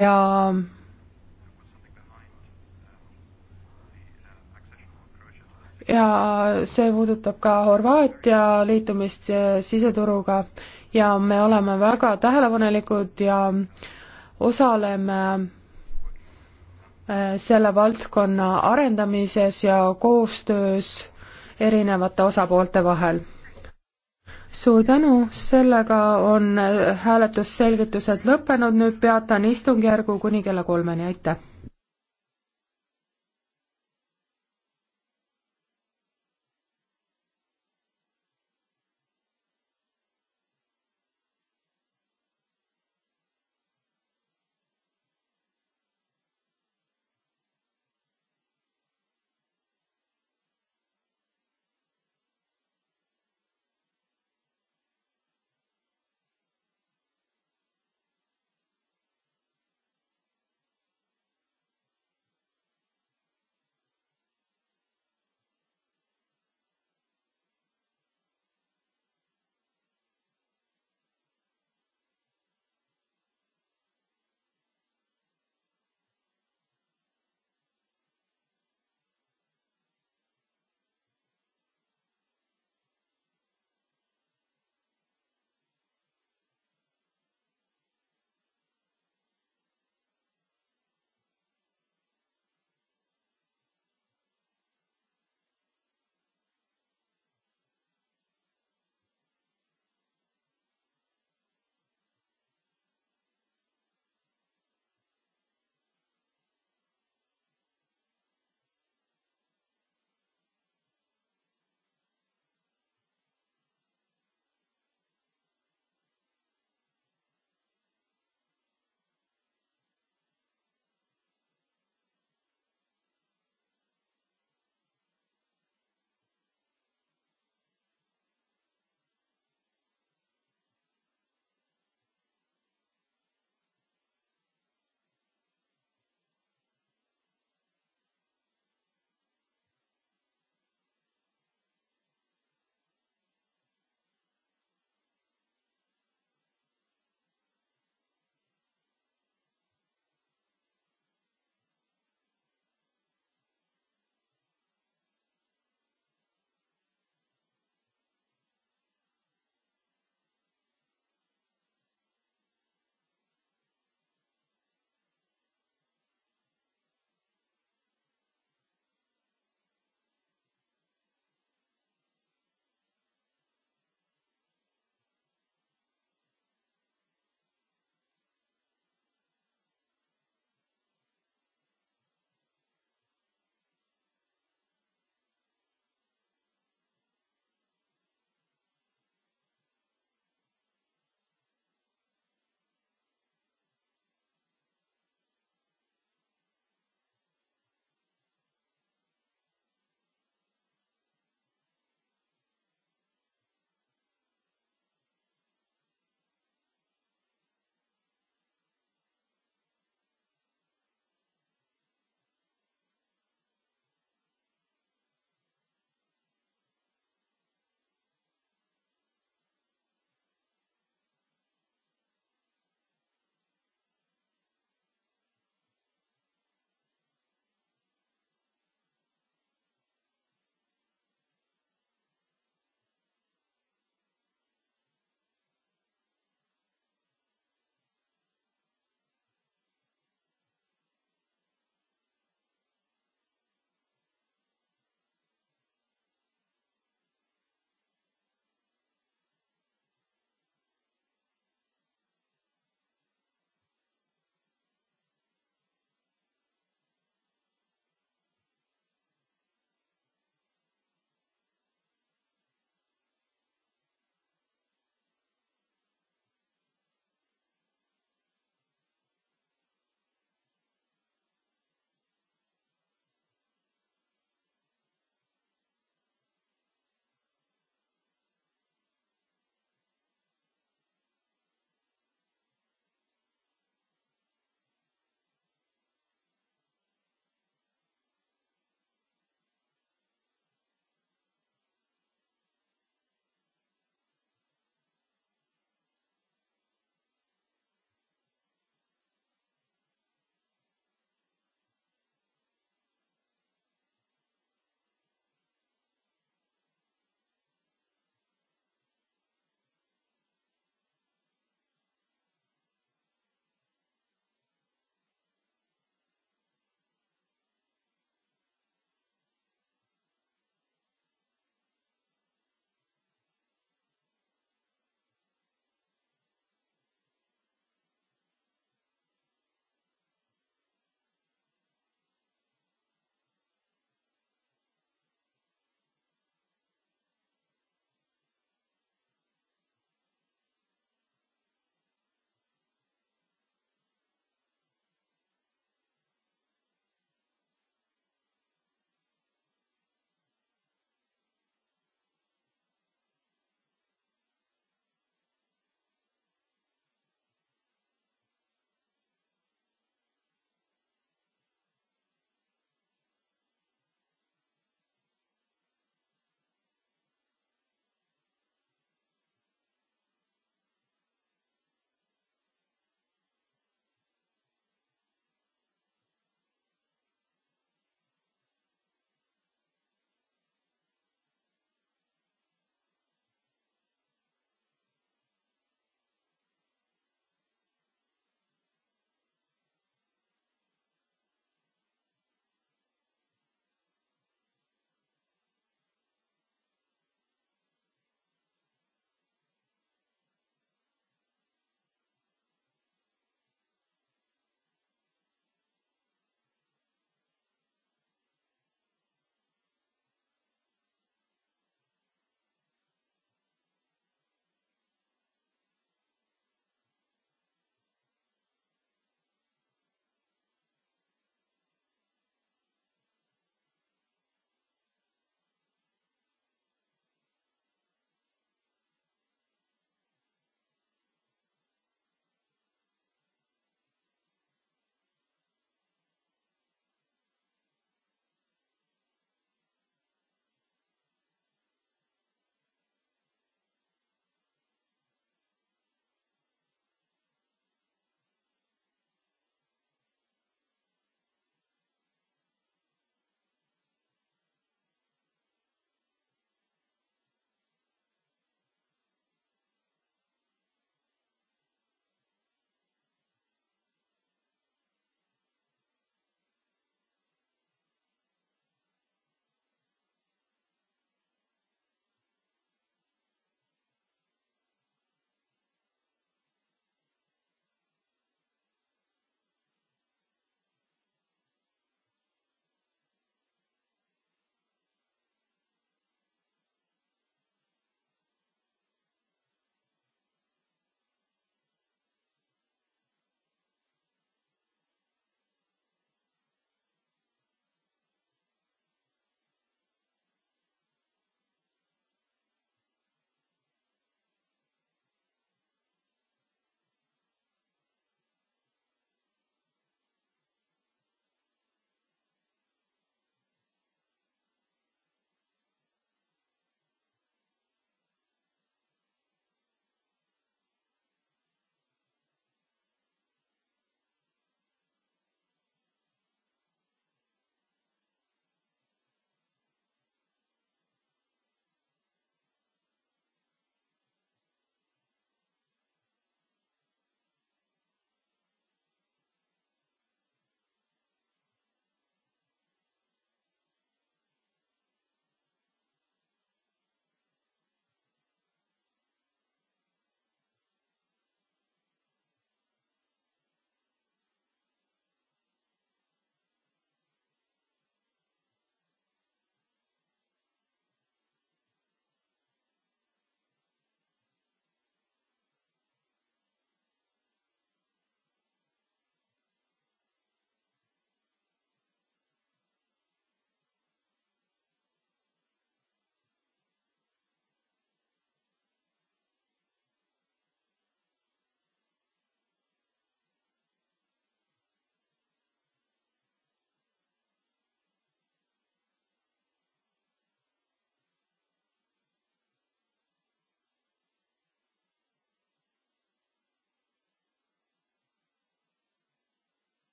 ja ja see puudutab ka Horvaatia liitumist siseturuga ja me oleme väga tähelepanelikud ja osaleme äh, selle valdkonna arendamises ja koostöös erinevate osapoolte vahel suur tänu, sellega on hääletusselgitused lõppenud, nüüd peatan istungjärgu kuni kella kolmeni, aitäh!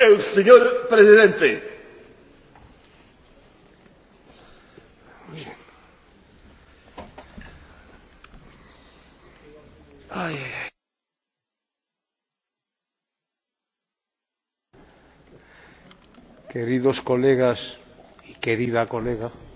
El señor presidente. Ay, queridos colegas y querida colega